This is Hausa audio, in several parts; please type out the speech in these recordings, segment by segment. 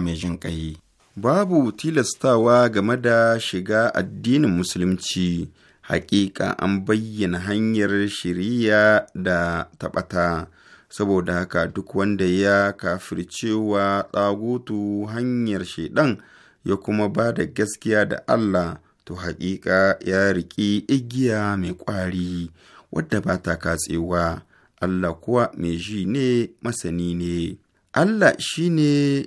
mai jin Babu tilastawa game da shiga addinin Musulunci, Hakika an bayyana hanyar shiriya da taɓata, saboda haka duk wanda ya cewa ɗagutu hanyar shaiɗan ya kuma ba da gaskiya da Allah, to hakika ya riƙi igiya mai ƙwari, wadda ba ta katsewa, Allah kuwa mai ji ne masani ne. Allah shi ne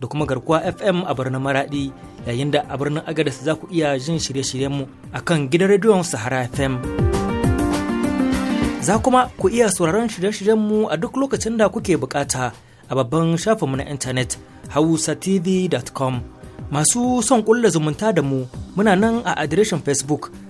da kuma garkuwa FM a birnin Maradi yayin da a birnin Agadez za ku iya jin shirye-shiryenmu a kan gidan rediyon Sahara FM. Za kuma ku iya sauraron shirye-shiryenmu a duk lokacin da kuke bukata a babban shafinmu na intanet hausatv.com. Masu son kulla zumunta da mu muna nan a adireshin Facebook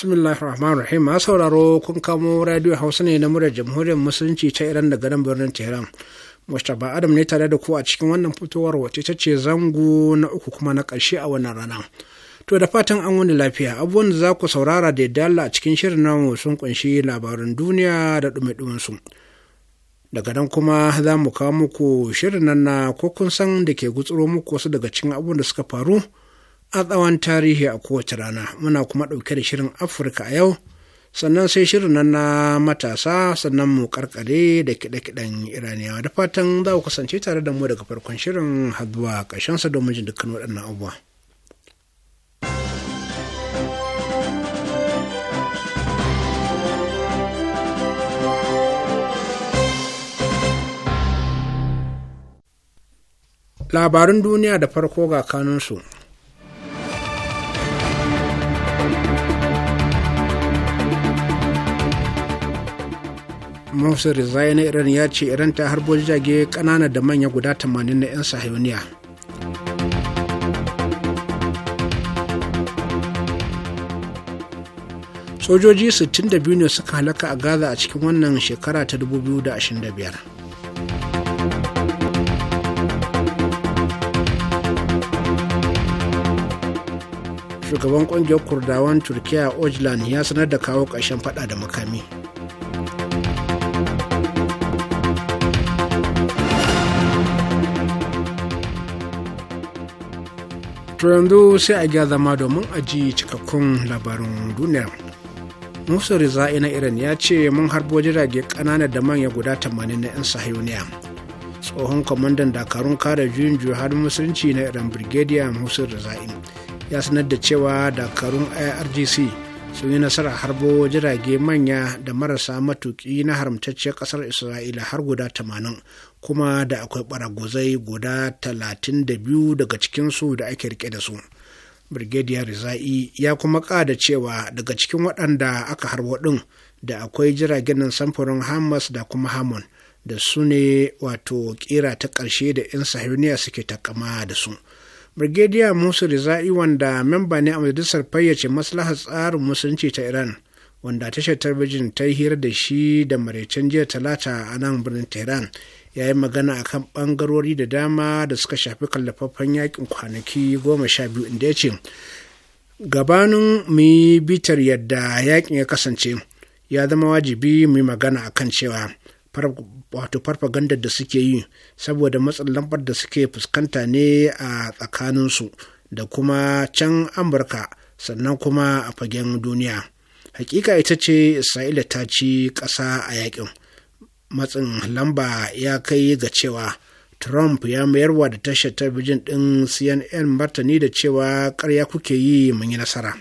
bismillahirrahmanirrahim rahmanir rahim a sauraro kun kamo radio hausa ne na murar jamhuriyar musulunci ta iran daga nan birnin tehran mustapha adam ne tare da ku a cikin wannan fitowar wacce ta ce zango na uku kuma na ƙarshe a wannan rana to da fatan an wani lafiya abubuwan da za ku saurara da yadda a cikin shirin namu sun kunshi labarin duniya da ɗumi su daga nan kuma za mu kawo muku shirin nan na ko kun san da ke gutsuro muku wasu daga cikin abubuwan da suka faru a tsawon tarihi a kowace rana muna kuma ɗauke da shirin afirka a yau sannan sai shirin nan na matasa sannan mu karkare da kiɗe-kiɗen iraniyawa da fatan za ku kasance tare da mu daga farkon shirin haduwa zuwa ƙarshensa domin jin dukkan waɗannan abubuwa. Labarin duniya da farko ga kanunsu Musa Rizai na Iran ya ce Iran ta harbo jage ƙanana da manya guda 80 na 'yan sahiyoniya. Sojoji 62 ne suka halaka a Gaza a cikin wannan shekara ta 2025. shugaban kungiyar kurdawan turkiya ojlan ya sanar da kawo ƙarshen fada da makami to yanzu sai a gya zama domin a ji cikakkun labarin duniya. musa rizai na iran ya ce mun harbo jirage kanana da manya guda 80 na 'yan sahiyoniya tsohon kwamandan dakarun kare juyin juya har musulunci na iran brigadier musa rizai ya sanar da cewa dakarun irgc sun yi nasara harbo jirage manya da marasa matuki na haramtacciyar kasar isra'ila har guda 80 kuma da akwai baragozai guda 32 daga cikinsu da ake rike da su brigadier rizai ya kuma kada cewa daga cikin waɗanda aka harbo ɗin da akwai jiragen samfurin hamas da kuma hamon da su ne wato kira ta ƙarshe da 'yan sahiyoniya suke takama da su. brigadier musa rizai wanda memba ne a majalisar fayyace maslahar tsarin musulunci ta iran wanda tashar talabijin ta yi hira da shi da maraicen jiya talata a nan birnin tehran ya yi magana a kan ɓangarori da dama da suka shafi kallafaffen yakin kwanaki goma sha biyu inda ya ce gabanin mu yi bitar yadda yakin ya kasance ya zama wajibi mu yi magana a kan cewa wato farfaganda da suke yi saboda matsin lambar da suke fuskanta ne a tsakaninsu da kuma can amurka sannan kuma a fagen duniya hakika ita ce isra'ila ta ci ƙasa a yakin matsin lamba ya kai ga cewa trump ya mayarwa da tashar talabijin ɗin cnn martani da cewa ƙarya kuke yi mun yi nasara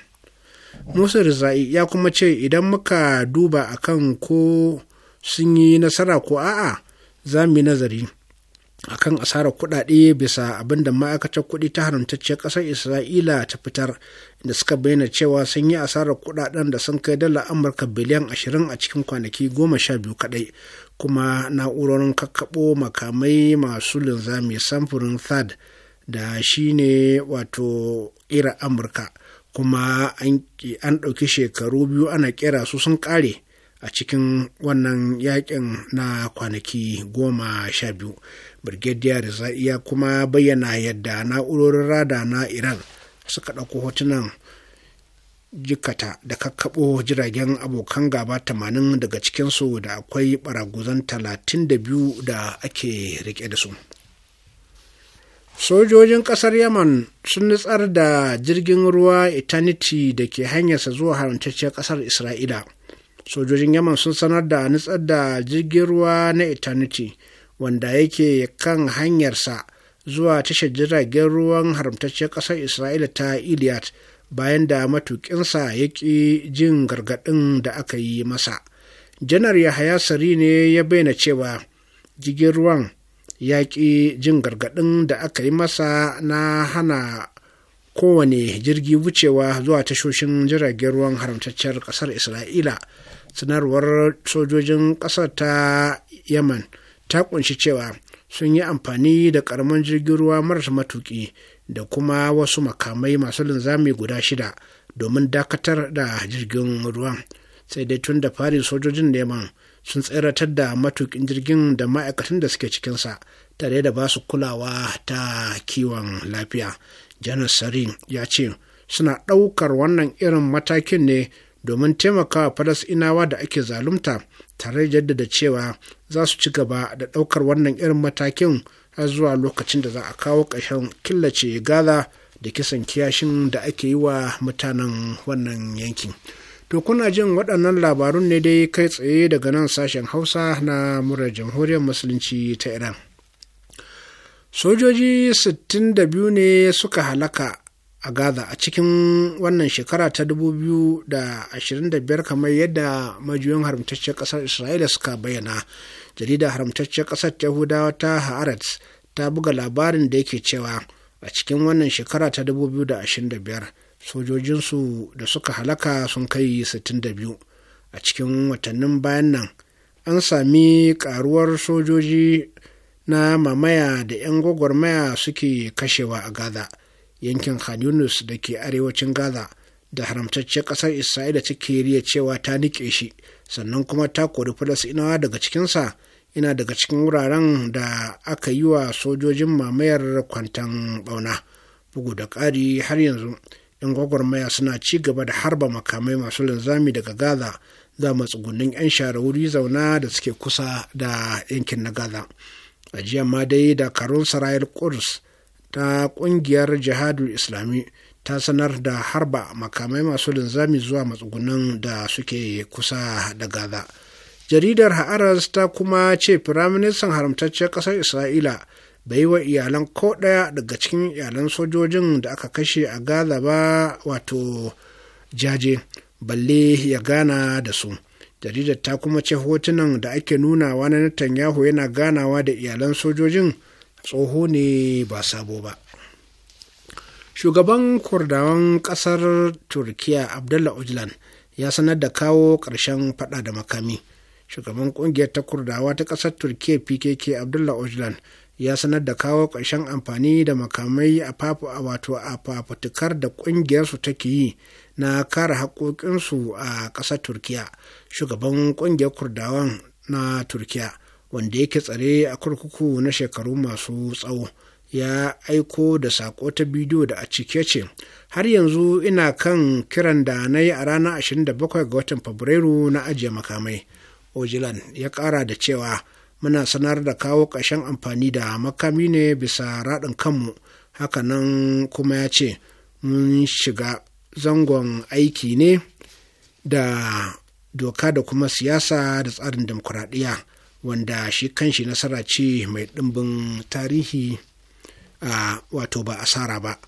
musa rizai ya kuma ce idan muka duba akan ko sun yi nasara ko a'a za mu yi nazari A kan asarar kuɗaɗe bisa abin da ma'aikatar kuɗi ta haramtacciyar ƙasar isra'ila ta fitar da suka bayyana cewa sun yi asarar kuɗaɗen da sun kai dala amurka biliyan ashirin a cikin kwanaki goma sha biyu kaɗai kuma na'urorin kakkaɓo makamai masu linzami samfurin thad da shi ne wato ƙira amurka kuma an ɗauki shekaru biyu ana ƙera su sun ƙare a cikin wannan yakin na kwanaki goma sha biyu brigadier ya kuma bayyana yadda na'urorin rada na iran suka ɗauko hotunan jikata da kakkaɓo jiragen abokan gaba tamanin daga cikinsu da akwai baraguzan 32 da ake rike da su sojojin ƙasar yaman sun nutsar da jirgin ruwa eternity da ke hanyarsa zuwa haramtacciyar ƙasar isra'ila sojojin yaman sun sanar da nutsar da jirgin ruwa na eternity wanda yake kan hanyarsa zuwa tashar jiragen ruwan haramtacciyar ƙasar isra'ila ta iliyat bayan da matuƙinsa ya ƙi jin gargaɗin da aka yi masa janar yahaya sari ne ya bayyana cewa jirgin ruwan ya ƙi jin gargaɗin da aka yi masa na hana kowane jirgi wucewa zuwa tashoshin jiragen ruwan haramtacciyar ƙasar isra'ila sanarwar sojojin ƙasar ta yaman ta kunshi cewa sun yi amfani da karamin jirgin ruwa marasa matuki da kuma wasu makamai masu linzami guda shida domin dakatar da jirgin ruwan sai dai tun da fari sojojin neman sun tseratar da matukin jirgin da ma'aikatan da suke cikinsa tare da ba su kulawa ta kiwon lafiya janar sarin ya ce suna ɗaukar wannan irin matakin ne domin taimakawa falasinawa da ake zalunta tare da jaddada cewa za su ci gaba da ɗaukar wannan irin matakin har zuwa lokacin da za a kawo ƙarshen killace gaza da kisan kiyashin da ake yi wa mutanen wannan yankin to kuna jin waɗannan labarun ne dai kai tsaye daga nan sashen hausa na murar jamhuriyar musulunci ta iran sojoji 62 ne suka halaka a Gaza a cikin wannan shekara ta 2025 kamar yadda majiyoyin haramtacciyar kasar Isra'ila suka bayyana. Jaridar haramtacciyar ƙasar Yahudawa ta Haaretz ta buga labarin da yake cewa a cikin wannan shekara ta 2025 sojojinsu da suka halaka sun kai 62 a cikin watannin bayan nan an sami karuwar sojoji na mamaya da 'yan gwagwarmaya suke kashewa a Gaza. yankin Khan da ke arewacin Gaza da haramtacce ƙasar Isra'ila take riya cewa ta niƙe shi sannan kuma ta kori inawa daga cikinsa ina daga cikin wuraren da aka yi wa sojojin mamayar kwantan ɓauna. Bugu da ƙari har yanzu 'yan gwagwarmaya suna ci gaba da harba makamai masu linzami daga Gaza za matsugunin 'yan share wuri zauna da suke kusa da yankin na Gaza. A jiya ma dai dakarun Sarayar kurs ta ƙungiyar jihadul islami ta sanar da harba makamai masu linzami zuwa matsugunan da suke kusa da gaza jaridar ha'aras ta kuma ce firaministan haramtaccen kasar isra'ila bai wa iyalan ko ɗaya daga cikin iyalan sojojin da aka kashe a gaza ba wato jaje balle ya gana da su jaridar ta kuma ce hotunan da ake nunawa na netanyahu yana ganawa da iyalan sojojin tsoho ne ba sabo ba shugaban kurdawan kasar turkiya abdullah ojlan ya sanar da kawo ƙarshen fada da makami shugaban kungiyar ta kurdawa ta kasar turkiya pkk abdullah ojlan ya sanar da kawo ƙarshen amfani da makamai a wato a fafutukar da ƙungiyarsu take yi na kare haƙoƙinsu a ƙasar turkiya shugaban ƙungiyar kurdawan na turkiya wanda yake tsare a kurkuku na shekaru masu tsawo ya aiko da saƙo ta bidiyo da a cike ce har yanzu ina kan kiran da na yi a ranar 27 ga watan fabrairu na ajiye makamai ojilan ya ƙara da cewa muna sanar da kawo ƙarshen amfani da makami ne bisa raɗin kanmu hakanan kuma ya ce mun shiga zangon aiki ne da doka da kuma siyasa da tsarin demokuraɗiyya wanda shi kanshi nasara ce mai ɗimbin tarihi a wato ba asara ba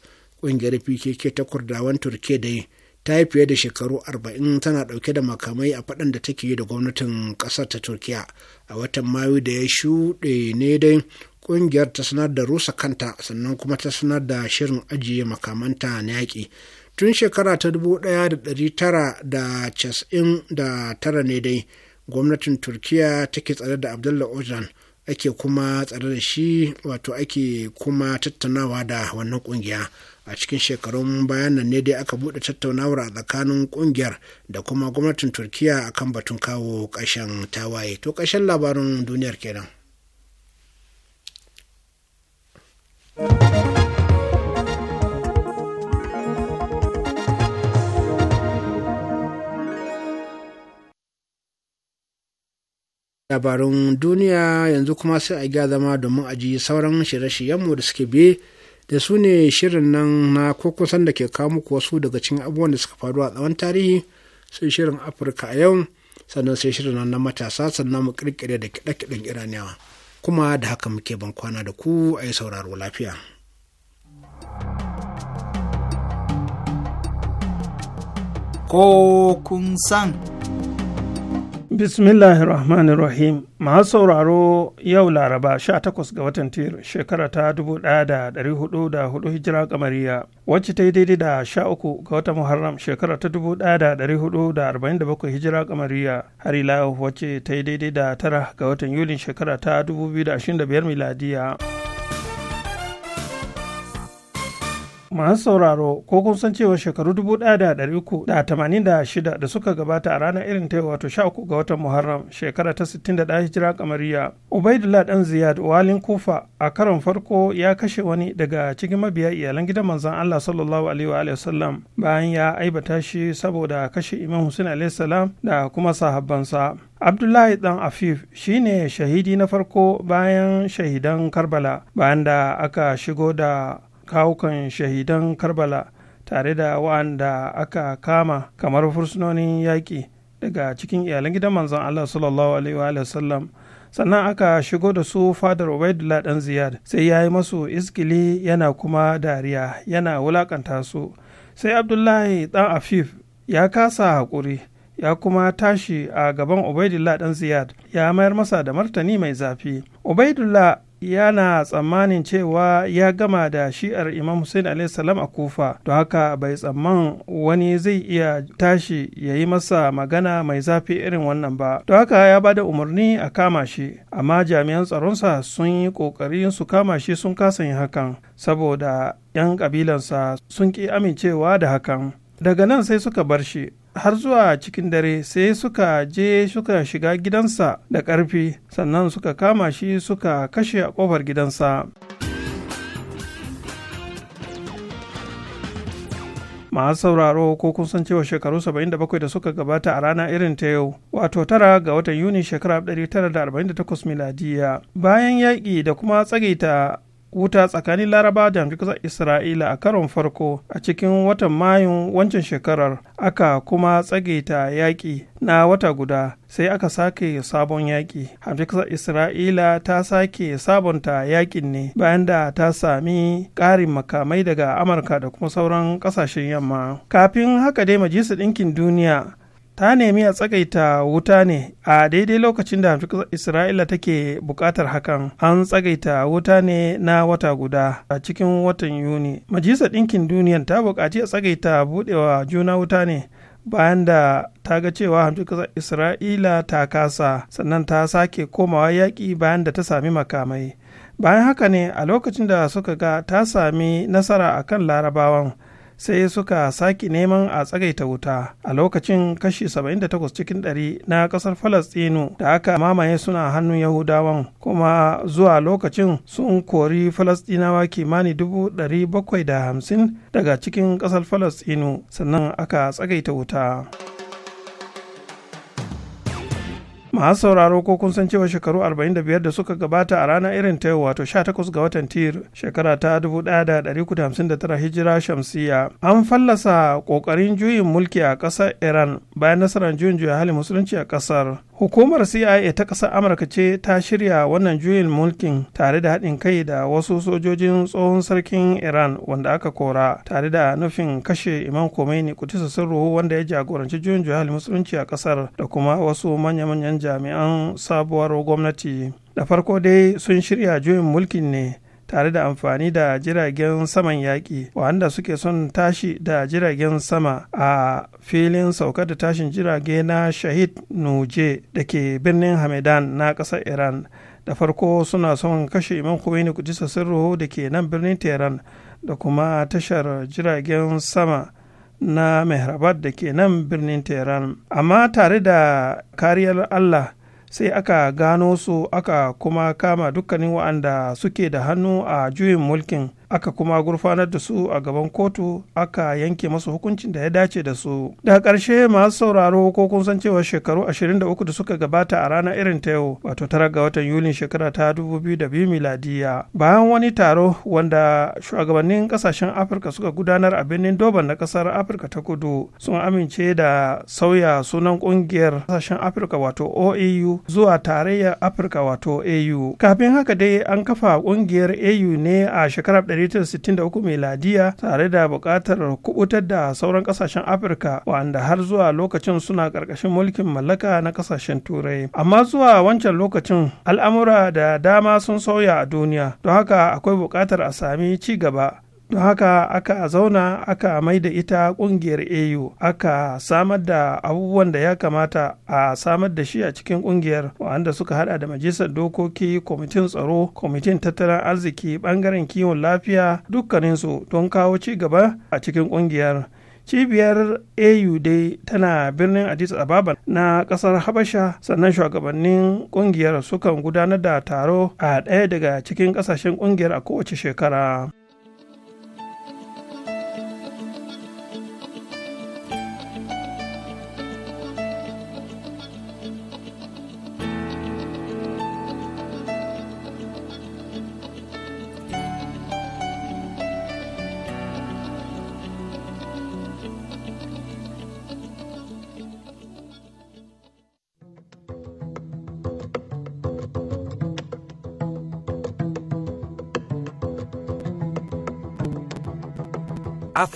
ƙungiyar pkk ta kurdawan turke dai ta yi fiye da shekaru 40 tana ɗauke da makamai a faɗan da take yi da gwamnatin ƙasar ta turkiya a watan mayu da ya shuɗe ne dai ƙungiyar ta sanar da rusa kanta sannan kuma ta sanar da shirin ajiye makamanta na yaƙi tun shekara ta 1999 ne dai gwamnatin turkiya take tsare da abdullah ojan ake kuma tsare da shi wato ake kuma tattaunawa da wannan kungiya a cikin shekarun bayan nan ne dai aka buɗe tattaunawar a tsakanin kungiyar da kuma gwamnatin turkiya akan batun kawo ƙashen tawaye to kashen labarin duniyar kenan. labarun duniya yanzu kuma sai a gya zama domin a ji sauran shirye-shiryenmu da suke biye da su ne shirin nan na kusan da ke kawo muku wasu daga cikin abubuwan da suka faru a tsawon tarihi sai shirin afirka a yau sannan sai shirin nan na matasa sannan mu kirkire da kiɗe-kiɗen iraniyawa kuma da haka muke ban kwana da ku a yi sauraro lafiya. Ko kun san. Bismillahirrahmanirrahim ma sauraro yau Laraba 18 ga watan Tir shekara ta 1404 hijira kamariya wacce ta yi daidai da 13 ga watan Muharram shekara ta 1447 hijira kamariya har ila wacce ta yi daidai da 9 ga watan Yulin shekara ta 2025 miladiya. masu sauraro ko kun san cewa shekaru dubu ɗaya da ɗari uku da da da tamanin shida suka gabata a ranar irin ta wato uku ga watan Muharram shekara ta sittin da ɗaya hijira kamariya. Ubaidullah dan Ziyad walin Kufa a karon farko ya kashe wani daga cikin mabiya iyalan gidan manzon Allah sallallahu alaihi wa wasallam bayan ya aibata shi saboda kashe Imam Hussein alaihi salam da kuma sahabbansa. Abdullahi dan Afif shine shahidi na farko bayan shahidan Karbala bayan da aka shigo da kawukan shahidan karbala tare da wa'anda aka kama kamar fursunonin yaƙi daga cikin iyalan gidan manzon Allah sallallahu alaihi wa sannan aka shigo da su fadar Ubaidullah dan Ziyad sai ya yi masu iskili yana kuma dariya yana wulaƙanta su sai Abdullahi dan Afif ya kasa haƙuri ya kuma tashi a gaban Ubaidullah dan Ziyad ya mayar masa da martani mai zafi Ubaidullah yana tsammanin cewa ya gama da shi'ar imam hussein a.s. a kufa to haka bai tsamman wani zai iya tashi ya yi masa magana mai zafi irin wannan ba to haka ya ba da umarni a kama shi amma jami'an tsaronsa sun yi kokari su kama shi sun kasa yin hakan saboda 'yan kabilansa sun ki amincewa da hakan daga nan sai suka bar shi har zuwa cikin dare sai suka je suka shiga gidansa da ƙarfi sannan suka kama shi suka kashe a ƙofar gidansa. masu sauraro ko kun san cewa shekaru 77 da suka gabata a rana irin ta yau wato tara ga watan yuni shekara 1948 miladiya bayan yaƙi da kuma tsagaita wuta tsakanin laraba da ƙasar isra'ila a karon farko a cikin watan mayun wancan shekarar aka kuma tsage ta yaƙi na wata guda sai aka sake sabon yaƙi hamdukasar isra'ila ta sake sabonta yaƙin ne bayan da ta sami ƙarin makamai daga amurka da kuma sauran ƙasashen yamma kafin haka dai majalisar ɗinkin duniya ta nemi a tsagaita wuta ne a daidai lokacin da isra'ila take buƙatar hakan an tsagaita wuta ne na wata guda a cikin watan yuni Majisar ɗinkin duniya ta buƙaci a tsagaita buɗewa juna wuta ne bayan da ta ga cewa hamsin isra'ila ta kasa sannan ta sake komawa yaƙi bayan da ta sami makamai bayan haka ne a lokacin da suka ga ta sami nasara akan larabawan sai suka sake neman a tsagaita wuta a lokacin kashi 78 cikin ɗari na ƙasar falastinu da aka mamaye suna hannun yahudawan kuma zuwa lokacin sun kori falastinawa kimani 750 daga cikin ƙasar falastinu sannan aka tsagaita wuta. masu sauraro ko kun san cewa shekaru 45 da suka gabata a ranar irin ta wato 18 ga watan tir shekara ta 1959 hijira shamsiya an fallasa kokarin juyin mulki a ƙasar iran bayan nasarar juyin juya hali musulunci a ƙasar Hukumar CIA ta ƙasar Amurka ce ta shirya wannan juyin mulkin tare da haɗin kai da wasu sojojin tsohon sarkin Iran wanda aka kora tare da nufin kashe Imam Khomeini kutisa sirru wanda ya jagoranci juyin juhal musulunci a ƙasar da kuma wasu manya-manyan jami'an sabuwar gwamnati. Da farko dai sun shirya juyin mulkin ne tare da amfani da jiragen saman yaƙi wanda suke son tashi da jiragen sama a filin saukar da tashin jirage na shahid nuje da ke birnin hamadan na ƙasar iran da farko suna son kashe iman kuwaini kudi sassan ruhu da ke nan birnin tehran da kuma tashar jiragen sama na mehrabad da ke nan birnin tehran amma tare da kariyar allah sai aka gano su aka kuma kama dukkanin wa'anda suke da hannu a juyin mulkin aka kuma gurfanar da su a gaban kotu aka yanke masu hukuncin da ya dace da su Da ƙarshe masu sauraro ko kun san cewa shekaru 23 da suka gabata a ranar irin ta yau wato tara ga watan yulin shekara ta 2002 miladiya bayan wani taro wanda shugabannin kasashen afirka suka gudanar a birnin doban na kasar afirka ta kudu sun amince da sauya sunan kungiyar kasashen afirka wato oau zuwa tarayyar afirka wato au kafin haka dai an kafa kungiyar au ne a shekarar 163 mai tare da buƙatar kubutar da sauran ƙasashen afirka wanda har zuwa lokacin suna ƙarƙashin mulkin mallaka na ƙasashen turai amma zuwa wancan lokacin al'amura da dama sun sauya a duniya don haka akwai buƙatar a sami ci gaba don haka aka zauna aka mai da ita kungiyar au aka samar da abubuwan da ya kamata a samar da shi a cikin kungiyar wanda suka hada da majalisar dokoki kwamitin tsaro kwamitin tattalin arziki bangaren kiwon lafiya dukkaninsu don kawo ci gaba a cikin kungiyar cibiyar au dai tana birnin addis ababa na kasar habasha sannan shugabannin kungiyar sukan gudanar da taro a ɗaya daga cikin ƙasashen kungiyar a kowace shekara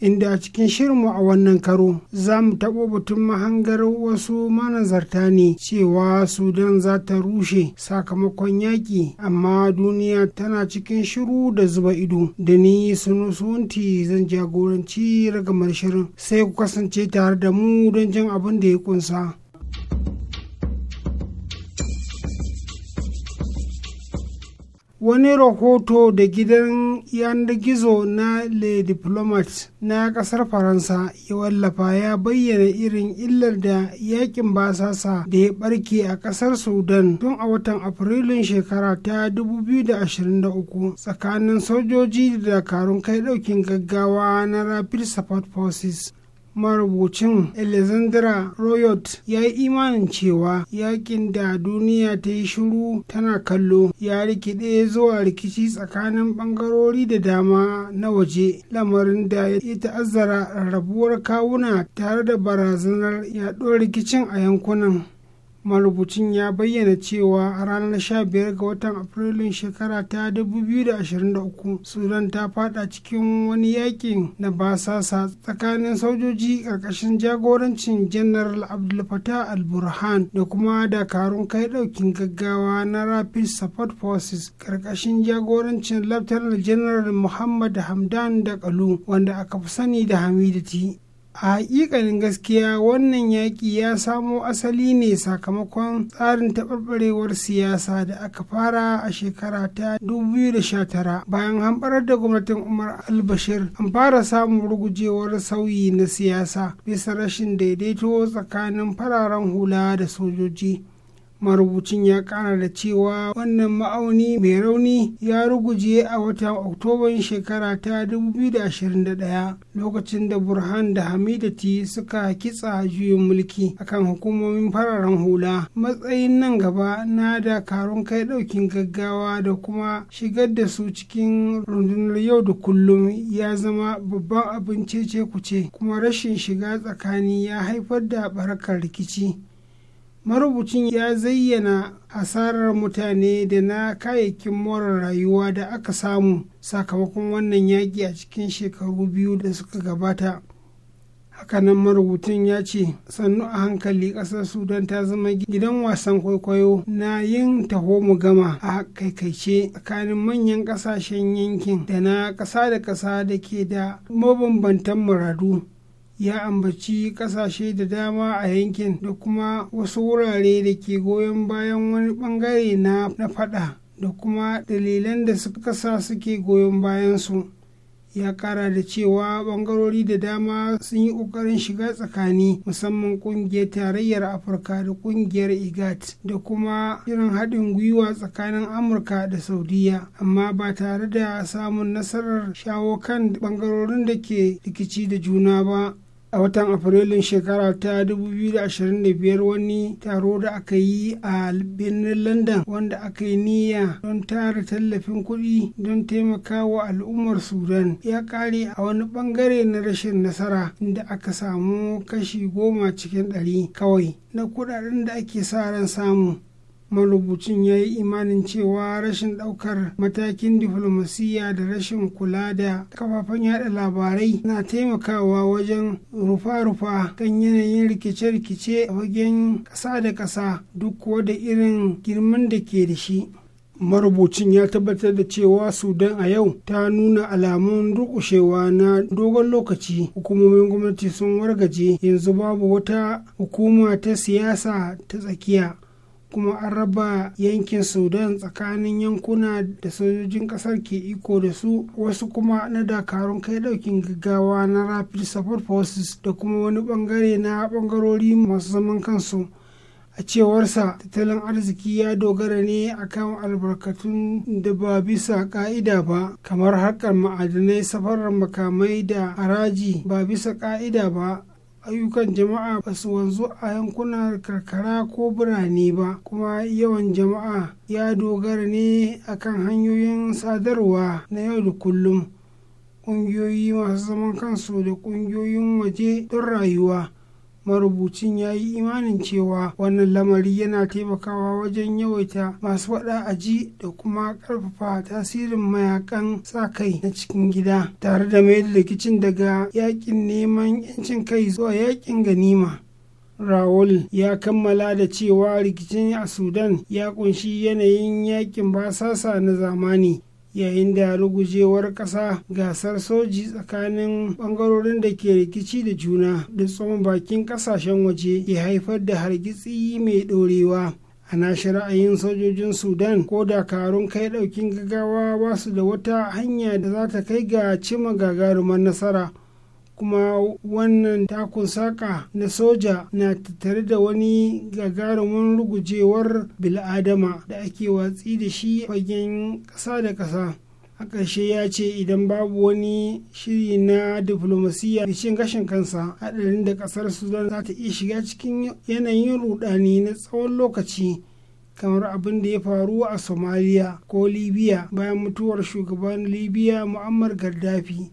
inda a cikin shirinmu a wannan karo za mu taɓo batun mahangar wasu manazarta ne cewa sudan za ta rushe sakamakon yaƙi amma duniya tana cikin shiru da zuba ido da ni sunu sunti zan jagoranci ragamar shirin sai ku kasance tare da mu don jin abin da ya kunsa. wani rahoto da gidan yanar gizo na le diplomat na kasar faransa ya wallafa ya bayyana irin illar da yakin basasa da ya barke a kasar sudan tun a watan afrilun shekara ta 2023 tsakanin sojoji da dakarun kai daukin gaggawa na rapid support forces marubucin alexandra royot ya yi imanin cewa yakin da duniya ta yi shiru tana kallo ya rikide zuwa rikici tsakanin bangarori da dama na waje lamarin da ya ta'azzara rabuwar kawuna tare da barazanar yaɗuwar rikicin a yankunan marubucin ya bayyana cewa a ranar 15 ga watan afrilun shekara ta 2023 sudan ta fada cikin wani yakin na basasa tsakanin sojoji ƙarƙashin jagorancin janaral Abdulfata alburhan al-burhan da kuma dakarun kai ɗaukin gaggawa na rapid support forces ƙarƙashin jagorancin lieutenant general muhammad hamdan da kalu wanda aka fi sani da hamidati a hakikalin gaskiya wannan yaƙi ya samo asali ne sakamakon tsarin taɓarɓarewar siyasa da aka fara a shekara ta 2019 bayan hamɓarar da gwamnatin umar albashir an fara samun rugujewar sauyi na siyasa bisa rashin daidaito tsakanin fararen hula da sojoji marubucin ya kara da cewa wannan ma'auni mai rauni ya ruguje a watan oktoban shekara ta 2021 lokacin da burhan da hamidati suka kitsa juyin mulki akan hukumomin fararen hula matsayin nan gaba na dakarun kai daukin gaggawa da kuma shigar da su cikin rundunar yau da kullum ya zama babban abin cece kuce kuma rashin shiga tsakani ya haifar da barakar rikici marubucin ya zayyana hasarar mutane da na kayayyakin more rayuwa da aka samu sakamakon wannan yaƙi a cikin shekaru biyu da suka gabata hakanan marubucin ya ce sannu a hankali ƙasar sudan ta zama gidan wasan kwaikwayo na yin taho mu gama a kaikaice tsakanin manyan ƙasashen yankin da na ƙasa da ƙasa da ke da mabambantan muradu ya ambaci kasashe da dama a yankin da kuma wasu wurare da ke goyon bayan wani bangare na na fada da kuma dalilan da suka kasa suke goyon bayansu ya kara da cewa bangarori da dama sun yi kokarin shiga tsakani musamman kungiyar tarayyar afirka da kungiyar igat da kuma irin haɗin gwiwa tsakanin amurka da saudiya amma ba tare da samun nasarar shawo kan bangarorin da ke rikici da juna ba a watan afrilun shekara ta 2025 wani taro da aka yi a birnin london wanda aka yi niyya don tara tallafin kuɗi don taimakawa al'ummar sudan ya ƙare a wani ɓangare na rashin nasara inda aka samu kashi goma cikin ɗari kawai na kuɗaɗen da ake sa ran samu marubucin ya yi imanin cewa rashin ɗaukar matakin diflomasiyya da rashin kula da kafafen yada labarai na taimakawa wajen rufa-rufa kan yanayin rikice-rikice a fagen ƙasa da ƙasa duk kuwa da irin girman da ke da shi marubucin ya tabbatar da cewa sudan a yau ta nuna alamun rukushewa na dogon lokaci hukumomin gwamnati sun wargaje yanzu babu wata hukuma ta siyasa ta tsakiya kuma an raba yankin sudan tsakanin yankuna da sojojin kasar ke iko da su wasu kuma na dakarun kai daukin gaggawa na rapid support forces da kuma wani bangare na bangarori masu zaman kansu a cewarsa tattalin arziki ya dogara ne akan albarkatun da ba bisa ka'ida ba kamar harkar ma'adanai safarar makamai da haraji ba bisa ka'ida ba ayyukan jama'a ba su wanzu a yankunan karkara ko birane ba kuma yawan jama'a ya dogara ne akan hanyoyin sadarwa na yau da kullum ƙungiyoyi masu zaman kansu da ƙungiyoyin waje don rayuwa marubucin ya yi imanin cewa wannan lamari yana taimakawa wajen yawaita masu wada aji da kuma karfafa tasirin mayakan sa kai na cikin gida tare da mai rikicin daga yakin neman 'yancin kai zuwa yakin ganima Raul ya kammala da cewa rikicin a Sudan ya kunshi yanayin yakin basasa na zamani yayin da rugujewar ƙasa gasar soji tsakanin ɓangarorin da ke rikici da juna da tsohon bakin ƙasashen waje ke haifar da hargitsi mai ɗorewa a nashi ra'ayin sojojin sudan ko dakarun kai ɗaukin gaggawa ba su da wata hanya da za ta kai ga cima gagarumar nasara kuma wannan takun Saka na soja na tattare da wani gagarumin rugujewar bil'adama da ake watsi da shi fagen ƙasa da ƙasa a ƙarshe ya ce idan babu wani shiri na diflomasiyya da cin gashin kansa haɗarin da ƙasar sudan za ta iya shiga cikin yanayin rudani na tsawon lokaci kamar abin da ya faru a somaliya ko libya bayan mutuwar shugaban libya muammar gaddafi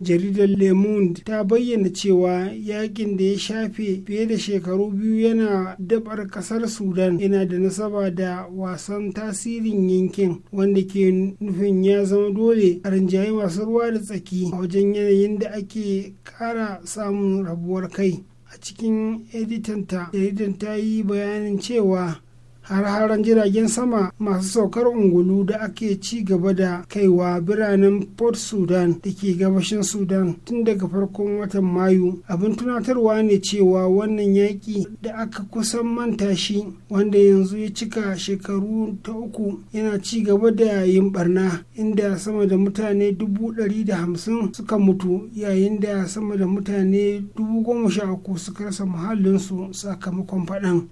jaridar le monde ta bayyana cewa yakin da ya shafe fiye da shekaru biyu yana dabar kasar sudan yana da nasaba da wasan tasirin yankin wanda ke nufin ya zama dole a rinjaye masu ruwa da tsaki a wajen yanayin da ake kara samun rabuwar kai a cikin editanta jaridar ta yi bayanin cewa har-haren jiragen sama masu saukar ungulu da ake ci gaba da kaiwa biranen port sudan da ke gabashin sudan tun daga farkon watan mayu abin tunatarwa ne cewa wannan yaƙi da aka kusan manta shi wanda yanzu ya cika shekaru ta uku yana ci gaba da yayin barna inda sama da mutane dubu ɗari da hamsin suka mutu yayin da sama da mutane dubu goma sha uku suka rasa muhallinsu sakamakon faɗan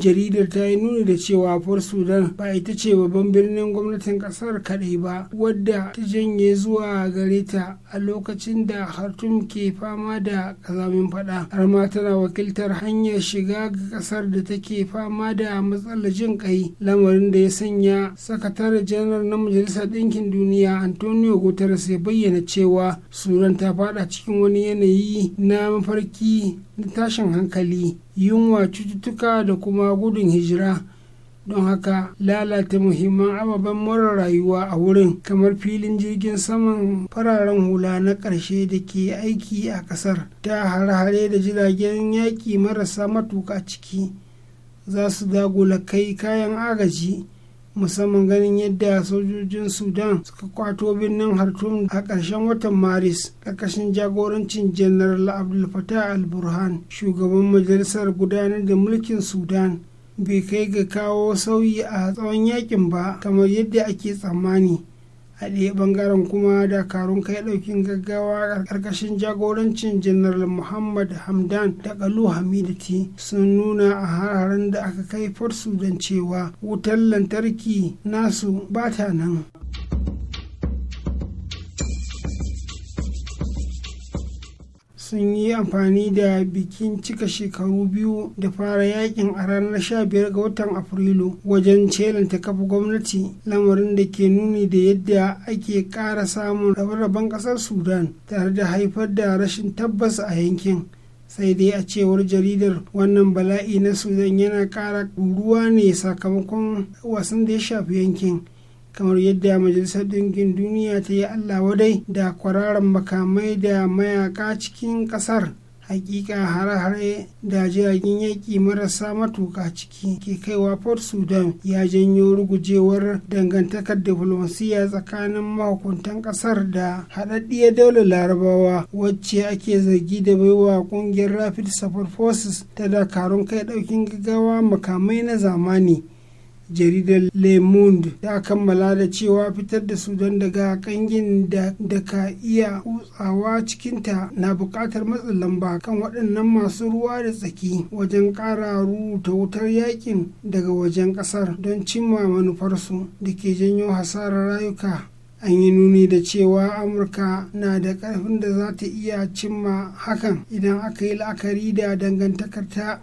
jaridar ta yi nuni da cewa far sudan ba ita ce babban birnin gwamnatin kasar kaɗai ba wadda ta janye zuwa gare ta a lokacin da hartum ke fama da kazamin fada har ma tana wakiltar hanyar shiga ga kasar da take fama da matsalar jin kai lamarin da ya sanya sakatare janar na majalisar ɗinkin duniya antonio guterres ya bayyana cewa sudan ta fada cikin wani yanayi na mafarki da tashin hankali yunwa cututtuka da kuma gudun hijira don haka lalata muhimman ababen mara rayuwa a wurin kamar filin jirgin saman fararen hula na ƙarshe da ke aiki a ƙasar ta hare-hare da jiragen yaƙi marasa matuƙa ciki za su dagula kai kayan agaji musamman ganin yadda sojojin sudan suka kwato birnin hartum a ƙarshen watan maris ƙarƙashin jagorancin janaral abdul fatah al-burhan shugaban majalisar gudanar da mulkin sudan bai kai ga kawo sauyi a tsawon yakin ba kamar yadda ake tsammani a ɗaya ɓangaren kuma dakarun kai ɗaukin gaggawa a ƙarƙashin jagorancin Jeneral muhammad hamdan da kalu hamidati sun nuna a hararen da aka kai fort don cewa wutar lantarki nasu ba ta nan sun yi amfani da bikin cika shekaru biyu da fara yakin a ranar 15 ga watan afrilu wajen ta kafa gwamnati lamarin da ke nuni da yadda ake kara samun rabe-raben ƙasar sudan tare da haifar da rashin tabbas a yankin sai dai a cewar jaridar wannan bala'i na sudan yana kara ruwa ne sakamakon wasan da ya shafi yankin kamar yadda majalisar ɗinkin duniya ta yi allah wadai da kwararan makamai da mayaka cikin ƙasar hakika hare-hare da jiragen yaƙi marasa matuƙa ciki ke kaiwa port sudan ya janyo rugujewar dangantakar diflomasiyya tsakanin mahukuntan ƙasar da haɗaɗɗiya daular larabawa wacce ake zargi da baiwa ƙungiyar rapid support forces ta dakarun kai ɗaukin gaggawa makamai na zamani jaridar le monde ta kammala da cewa fitar da sudan daga kangin da ka iya kutsawa cikinta na buƙatar matsin lamba kan waɗannan masu ruwa da tsaki wajen ƙara rubuta wutar yakin daga wajen ƙasar don cimma manufarsu da ke janyo hasarar rayuka an yi nuni da cewa amurka na da karfin da za ta iya cimma hakan idan aka yi la'akari da dangantakarta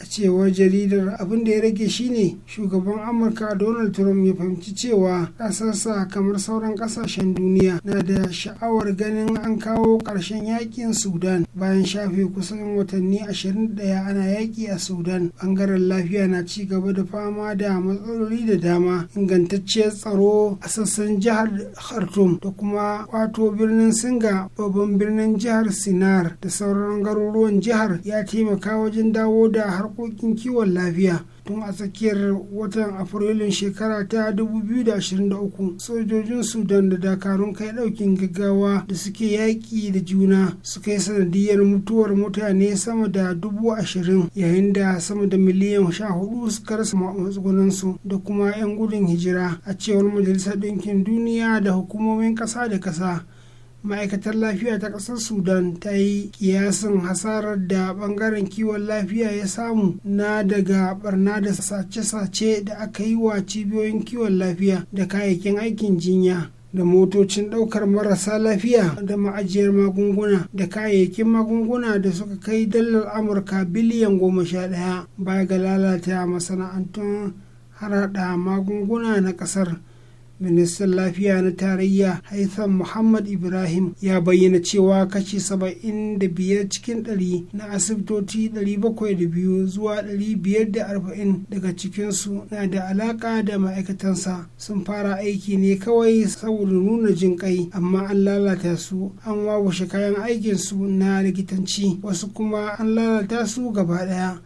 a cewar jaridar abin da ya rage shine shugaban amurka donald trump ya fahimci cewa ƙasarsa kamar sauran ƙasashen duniya na da sha'awar ganin an kawo ƙarshen yakin sudan bayan shafe kusan watanni 21 ana yaƙi a sudan Bangaren lafiya na ci gaba da fama da matsaloli da dama ingantacciyar tsaro a sassan jihar khartoum da kuma kwato birnin singa babban birnin jihar sinar da sauran garuruwan jihar ya taimaka wajen dawo da har harkokin kiwon lafiya tun a tsakiyar watan afrilun shekara ta 2023 sojojin sudan da dakarun kai daukin gaggawa da suke yaƙi da juna suka yi sanadiyar mutuwar mutane sama da dubu ashirin yayin da sama da miliyan sha hudu suka rasa matsugunansu da kuma 'yan gudun hijira a cewar majalisar ɗinkin duniya da hukumomin ƙasa da ƙasa ma'aikatar lafiya ta ƙasar sudan ta yi kiyasin hasarar da ɓangaren kiwon lafiya ya samu na daga barna da sace-sace da aka yi wa cibiyoyin kiwon lafiya da kayayyakin aikin jinya da motocin ɗaukar marasa lafiya da ma'ajiyar magunguna da kayayyakin magunguna da suka kai dalar amurka biliyan goma sha ɗaya baya ga lalata masana'antun harada magunguna na ƙasar ministan lafiya na tarayya haitham muhammad ibrahim ya bayyana cewa kashi 75 cikin 100 na asibitoci 702 zuwa 540 daga cikinsu na da alaka da ma'aikatansa sun fara aiki ne kawai saboda nuna jin kai amma an lalata su an wawashe kayan aikinsu na likitanci wasu kuma an lalata su gaba daya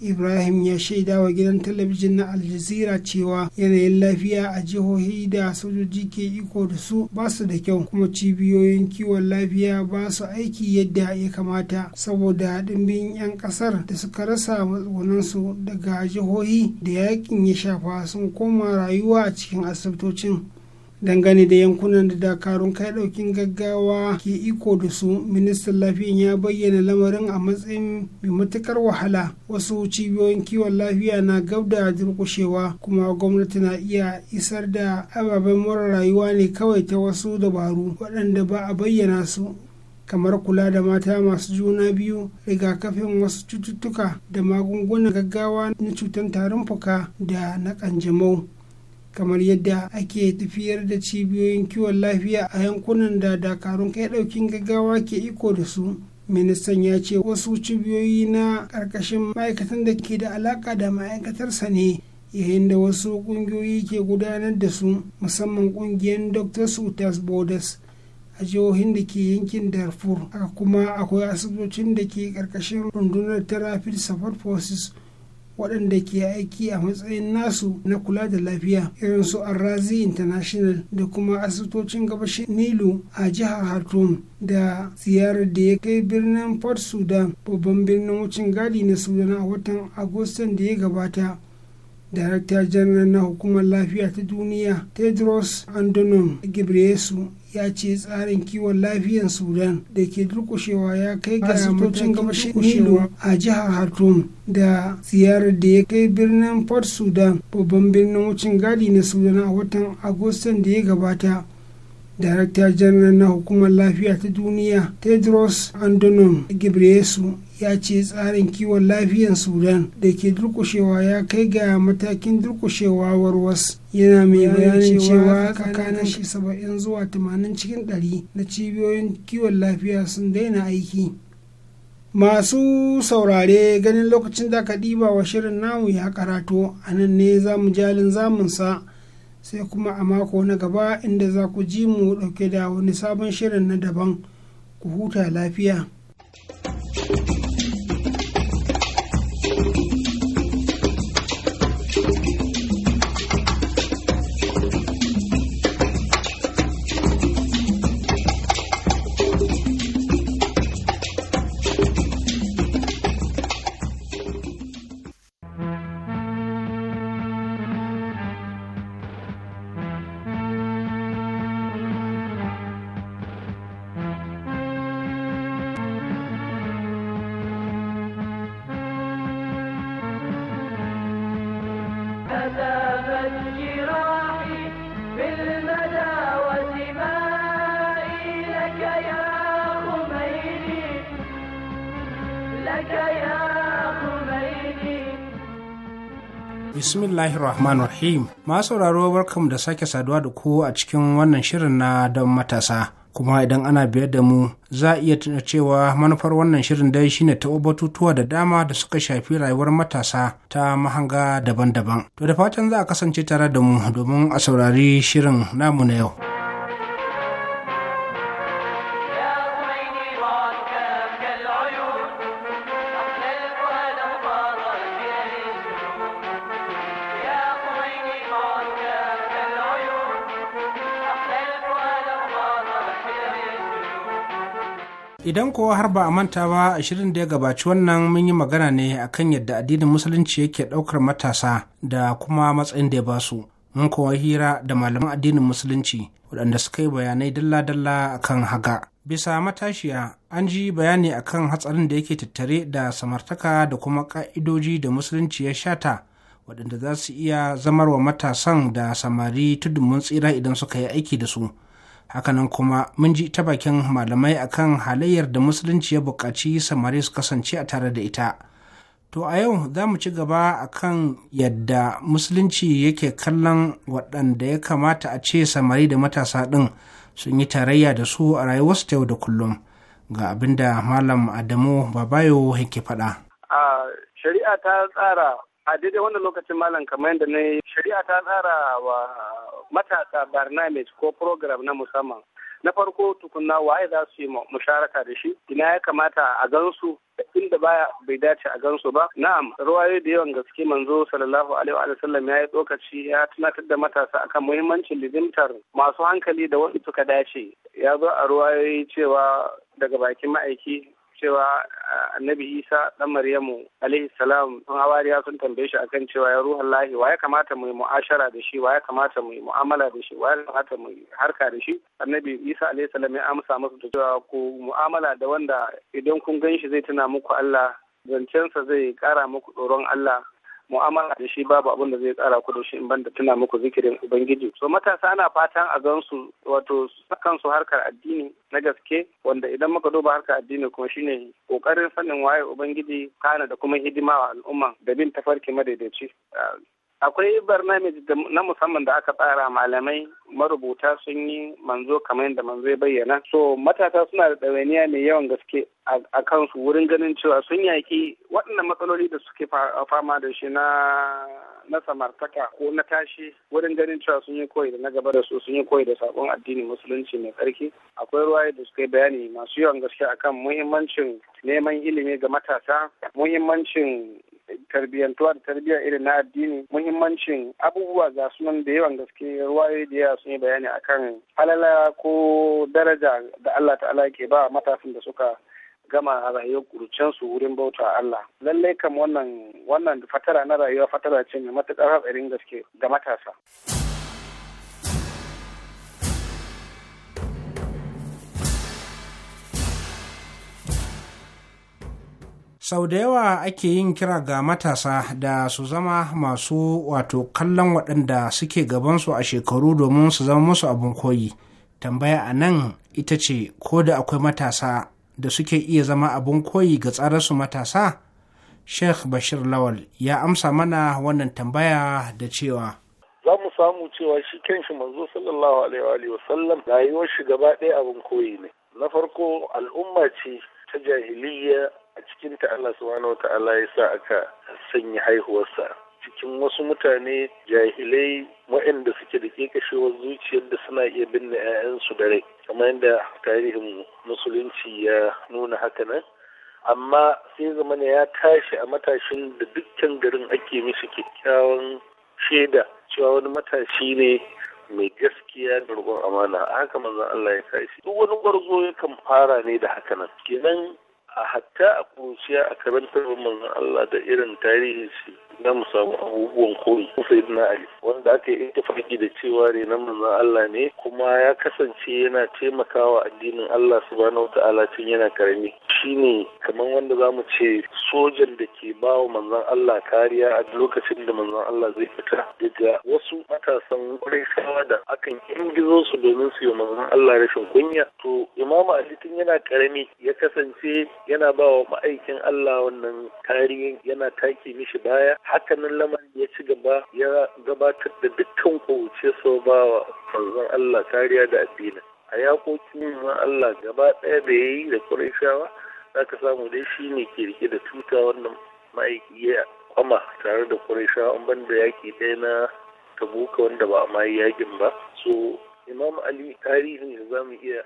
ibrahim ya shaida wa gidan talabijin na aljazira cewa yanayin lafiya a jihohi da sojoji ke iko da su ba su da kyau kuma cibiyoyin kiwon lafiya ba su aiki yadda ya kamata saboda ɗimbin 'yan ƙasar da suka rasa matsugunansu daga jihohi da yakin ya shafa sun koma rayuwa a cikin asibitocin dangane da yankunan da dakarun kai daukin gaggawa ke iko da su ministan lafiyan ya bayyana lamarin a matsayin mai matukar wahala wasu cibiyoyin kiwon lafiya na gab da durkushewa kuma gwamnati na iya isar da ababen mara rayuwa ne kawai ta wasu dabaru waɗanda ba a bayyana su kamar kula da mata masu juna biyu rigakafin wasu cututtuka da magungunan gaggawa na cutar tarin fuka da na kanjamau kamar yadda ake tafiyar da cibiyoyin kiwon lafiya a yankunan da dakarun kai daukin gaggawa ke iko da su ministan ya ce wasu cibiyoyi na ƙarƙashin ma'aikatan da ke da alaƙa da ma'aikatarsa ne yayin da wasu ƙungiyoyi ke gudanar da su musamman ƙungiyar doctors without borders a jihohin da ke yankin darfur haka kuma akwai asibitocin da ke ƙarƙashin rundunar therapy support forces waɗanda ke aiki a matsayin nasu na kula da lafiya irin su arrazi international da kuma asibitocin gabashin nilu a jihar hartum da ziyarar da ya kai birnin port sudan babban birnin wucin gadi na sudan a watan agustan da ya gabata darakta janar na hukumar lafiya ta duniya tedros andonon ghebreyesus ya ce tsarin kiwon lafiyan sudan da ke durkushewa ya kai ga asibitocin gabashin nilo a jihar khartoum da ziyarar da ya kai birnin port sudan babban birnin wucin gadi na sudan a watan agustan da ya gabata darakta janar na hukumar lafiya ta duniya tedros andonon ghebreyesus ya ce tsarin kiwon lafiyan sudan da ke durkushewa ya kai ga matakin durkushewa warwas yana mai bayanin cewa tsakanin shi saba'in zuwa tamanin cikin ɗari na cibiyoyin kiwon lafiya sun daina aiki masu saurare ganin lokacin da aka ɗiba wa shirin namu ya karatu a nan ne za mu jalin zamunsa sai kuma a mako na gaba inda za ku ji mu ɗauke da wani sabon shirin na daban ku huta lafiya. thank you Bismillahirrahmanirrahim. rahim masu sauraro barkamu da sake saduwa da ku a cikin wannan shirin na don matasa kuma idan ana biyar da mu za iya tuna cewa manufar wannan shirin dai shine taɓo batutuwa da dama da suka shafi rayuwar matasa ta mahanga daban-daban to da fatan za a kasance tare da mu domin a saurari shirin namu na yau idan kowa har ba a manta ba a shirin da ya gabaci wannan mun yi magana ne akan yadda addinin musulunci yake ɗaukar matasa da kuma matsayin da ya ba su mun kowa hira da malaman addinin musulunci waɗanda suka yi bayanai dalla-dalla akan haga bisa matashiya an ji bayani akan hatsarin da yake tattare da samartaka da kuma ƙa'idoji da musulunci ya shata waɗanda za su iya zamarwa matasan da samari tudun mun tsira idan suka yi aiki da su. hakanan kuma mun ji ta bakin malamai akan halayyar da musulunci ya buƙaci samari su kasance a tare da ita to a yau za mu ci gaba akan yadda musulunci yake kallon waɗanda ya kamata a ce samari da matasa ɗin sun yi tarayya da su a rayuwarsu ta yau da kullum ga abin da malam adamu babayo yake faɗa. shari'a ta tsara a daidai wannan lokacin malam kamar yadda na shari'a ta tsara wa matasa barnamage ko program na musamman na farko tukunna waye za su yi musharaka da shi ina ya kamata a gansu inda baya bai dace a gansu ba na'am ruwaye da yawan gaske manzo sallallahu alaihi wa sallam ya yi tsokaci ya tunatar da matasa akan muhimmancin lizimtar masu hankali da wasu suka dace ya zo a ruwaye cewa daga bakin ma'aiki cewa annabi isa dan maryamu alaihi salam sun hawariya sun tambaye shi akan cewa ya ruhan lahi wa ya kamata mu yi mu'ashara da shi wa ya kamata mu yi mu'amala da shi wa ya kamata mu yi harka da shi annabi isa alaihi salam ya amsa musu da cewa ku mu'amala da wanda idan kun gan shi zai tuna muku allah zancensa zai kara muku tsoron allah mu'amala da shi babu abin da zai tsara ku da shi in banda tuna muku zikirin ubangiji so matasa ana fatan a gan su wato sakan su harkar addini na gaske wanda idan muka duba harkar addini kuma shine kokarin sanin waye ubangiji kana da kuma hidima wa al'umma da bin tafarki madaidaici ah, akwai barnamij na musamman da aka tsara malamai marubuta sun yi manzo kamar yadda manzo ya bayyana so matasa suna da ɗawainiya mai yawan gaske a kansu wurin ganin cewa sun yaƙi waɗannan matsaloli da suke fama da shi na na samartaka ko na tashi wurin ganin cewa sun yi koyi da na gaba da su sun yi koyi da sabon addinin musulunci mai tsarki akwai ruwaye da suka yi bayani masu yawan gaske akan muhimmancin neman ilimi ga matasa muhimmancin tarbiyantuwa da tarbiyya irin na addini muhimmancin abubuwa ga sunan da yawan gaske ruwaye da yawa sun yi bayani akan halala ko daraja da Allah ta'ala ke ba matasan da suka gama a rayuwar kurucensu wurin bauta a Allah. Lallai kam wannan wannan fatara na rayuwa fatara ce mai matuƙar hatsarin gaske ga matasa. sau da yawa ake yin kira ga matasa da su zama masu wato kallon waɗanda suke gabansu a shekaru domin su zama musu abin koyi tambaya a nan ita ce ko da akwai matasa da suke iya zama abin koyi ga tsararsu matasa sheikh bashir lawal ya amsa mana wannan tambaya da cewa za mu samu cewa shi shi manzo sallallahu alaihi wa sallam rayuwar shi gaba ɗaya abin koyi ne na farko al'umma ce ta jahiliya a cikin ta Allah subhanahu wata'ala ya sa aka sanya haihuwarsa cikin wasu mutane jahilai waɗanda suke da kekashewar zuciyar da suna iya binne 'ya'yansu da rai kamar yadda tarihin musulunci ya nuna haka nan amma sai zamana ya tashi a matashin da dukkan garin ake mishi kyakkyawan shaida cewa wani matashi ne mai gaskiya da amana amana haka manzon Allah ya tashi duk wani gwarzo yakan fara ne da haka nan kenan a hatta a kuruciya a karantar manzon Allah da irin tarihi shi na musamman samu abubuwan koyi sai na Ali wanda aka yi ittifaki da cewa ne na manzon Allah ne kuma ya kasance yana taimakawa addinin Allah subhanahu wata'ala tun yana karami ne kamar wanda zamu ce sojan da ke ba wa manzon Allah kariya a lokacin da manzon Allah zai fita daga wasu matasan sama da akan ingizo su domin su yi manzon Allah rashin kunya to Imam Ali tun yana karami ya kasance yana ba wa ma'aikin Allah wannan tarihin yana taki mishi baya hakanan lamarin ya ci gaba ya gabatar da dukkan kowace so ba wa manzon Allah kariya da addinin a yakokin ma Allah gaba ɗaya da ya yi da za zaka samu dai shi ne ke rike da tuta wannan ma'aiki ya kwama tare da Qurayshawa an banda yaki ɗaya na Tabuka wanda ba a ma yakin ba so Imam Ali tarihin da mu iya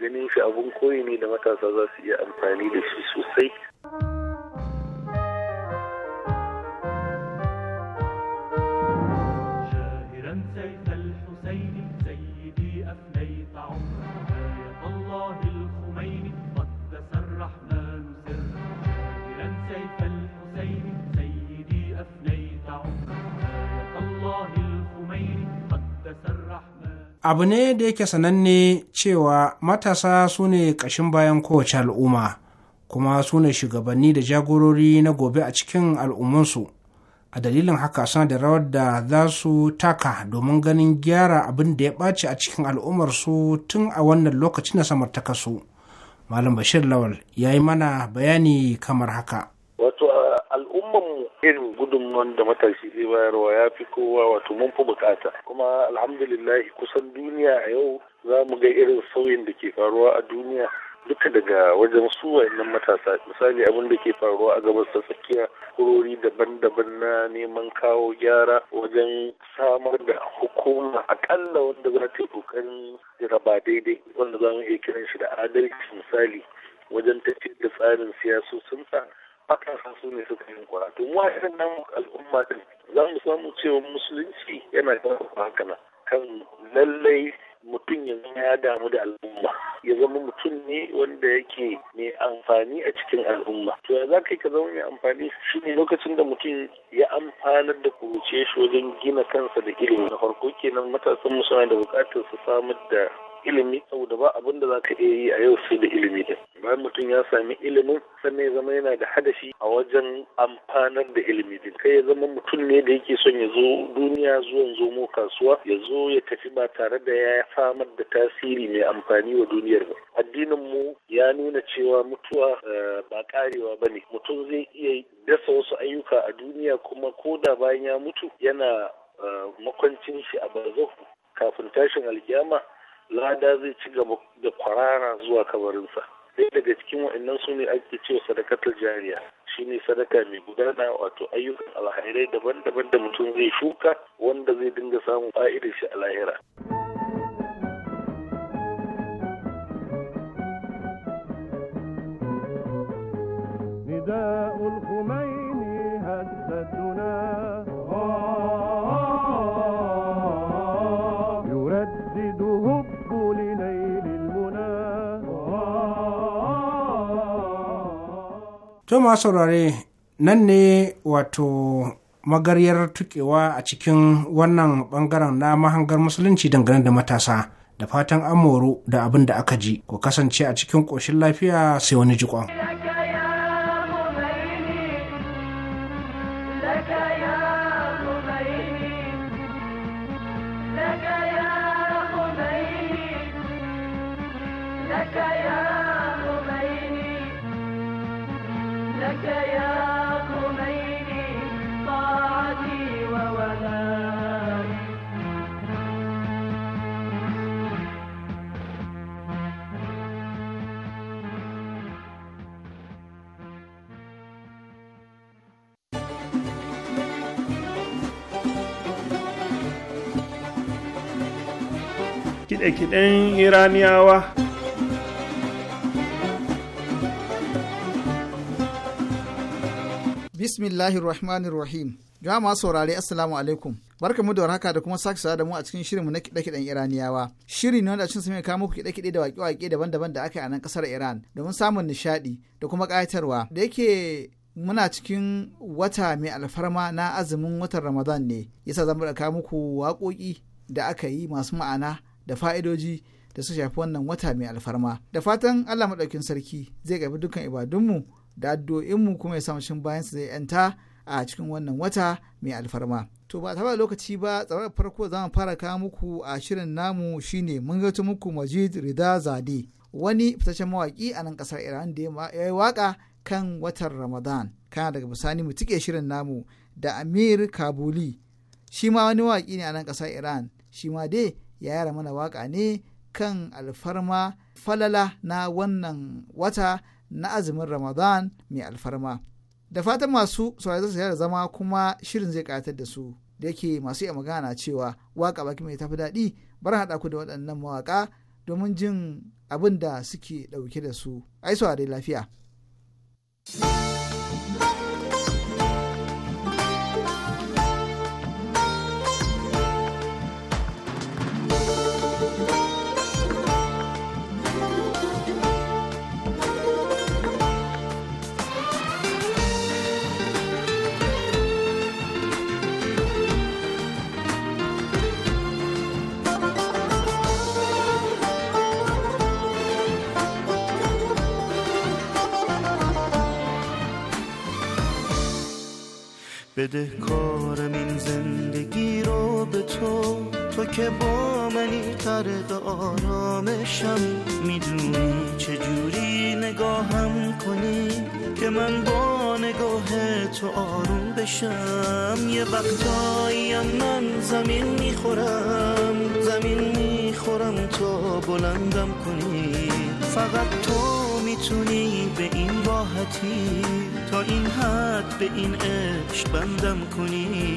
ganin shi abun koyi ne da matasa za su iya amfani da shi sosai. abu ne da yake sananne cewa matasa su ne ƙashin bayan kowace al'umma kuma su ne shugabanni da jagorori na gobe a cikin al'ummansu a dalilin haka suna da rawar da za su taka domin ganin gyara abin da ya ɓace a cikin al'ummarsu tun a wannan lokacin na su malam bashir lawal ya yi mana bayani kamar haka irin gudunmuwan da matashi zai bayarwa ya fi kowa wato mun fi bukata kuma alhamdulillah kusan duniya a yau za mu ga irin sauyin da ke faruwa a duniya duka daga wajen su wayannan matasa misali abin da ke faruwa a gabas ta tsakiya kurori daban-daban na neman kawo gyara wajen samar da hukuma akalla wanda za ta yi kokarin raba daidai wanda za mu iya kiran shi da adalci misali wajen tafiyar da tsarin sa matasan su ne suka yi kwara to mu irin nan al'umma din za mu samu cewa musulunci yana da hankala kan lallai mutum ya zama ya damu da al'umma ya zama mutum ne wanda yake mai amfani a cikin al'umma to ya za ka yi ka zama mai amfani shi ne lokacin da mutum ya amfanar da kuruce shi wajen gina kansa da ilimi na farko kenan matasan musamman da bukatar su samar da ilimi saboda ba abin da za ka iya yi a yau sai da ilimi din bayan mutum ya sami ilimin sannan ya zama yana da hadashi a wajen amfanar da ilimi din kai ya zama mutum ne da yake son ya zo duniya zuwan zomo kasuwa ya zo ya tafi ba tare da ya samar da tasiri mai amfani wa duniyar ba addinin mu ya nuna cewa mutuwa eh, ba karewa ba ne mutum zai iya dasa wasu ayyuka a duniya kuma ko da bayan ya mutu yana eh, makwancin shi a barzahu kafin tashin alkiyama lada zai ci gaba da kwarara zuwa kabarinsa sai daga cikin wa'annan su ne ake cewa sadakatar jariya shine sadaka mai gudana wato ayyukan alhairai daban-daban da mutum zai shuka wanda zai dinga samun fa'idar shi a lahira. To ma saurare nan ne wato magaryar tukewa a cikin wannan bangaren na mahangar musulunci dangane da matasa da fatan an da abin da aka ji ku kasance a cikin ƙoshin lafiya sai wani jikon. kiɗe-kiɗen iraniyawa bismillahir rahmanir rahim ma saurare assalamu alaikum barka mu da warhaka da kuma sake da mu a cikin shirinmu na kiɗe-kiɗen iraniyawa shiri ne wanda cin sami kawo muku kiɗe-kiɗe da waƙe-waƙe daban-daban da aka yi a nan ƙasar iran domin samun nishaɗi da kuma ƙayatarwa da yake muna cikin wata mai alfarma na azumin watan ramadan ne yasa zan kawo muku waƙoƙi da aka yi masu ma'ana da fa'idoji da su shafi wannan wata mai alfarma da fatan allah maɗaukin sarki zai gabi dukkan ibadunmu da addu'o'inmu kuma ya samu shin bayan su zai yanta a cikin wannan wata mai alfarma to ba taba lokaci ba tsawon farko za mu fara kawo muku a shirin namu shine mun gato muku majid rida zade wani fitaccen mawaƙi a nan ƙasar iran da ya yi waƙa kan watan ramadan kana daga bisani mu tike shirin namu da amir kabuli shi ma wani waƙi ne a nan ƙasar iran shi ma dai ya yara mana waka ne kan alfarma falala na wannan wata na azumin ramadan mai alfarma da fatan masu saurari su da zama kuma shirin zai ƙatar da su da yake masu iya magana cewa waƙa baki mai tafi daɗi bar haɗa ku da waɗannan mawaƙa domin jin abin da suke ɗauke da su ai saurari lafiya. بده کارم این زندگی رو به تو تو که با منی طرق آرامشم میدونی چجوری نگاهم کنی که من با نگاه تو آروم بشم یه وقتایی من زمین میخورم زمین میخورم تو بلندم کنی فقط تو میتونی به این راحتی این حد به این عشق بندم کنی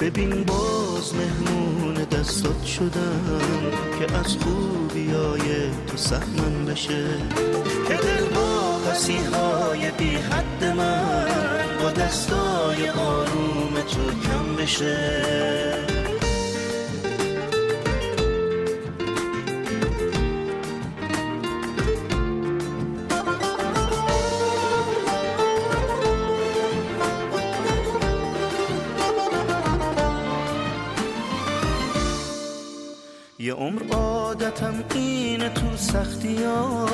ببین باز مهمون دستات شدم که از خوبیای تو سهمن بشه که دل با های بی حد من با دستای آروم تو کم بشه سختی ها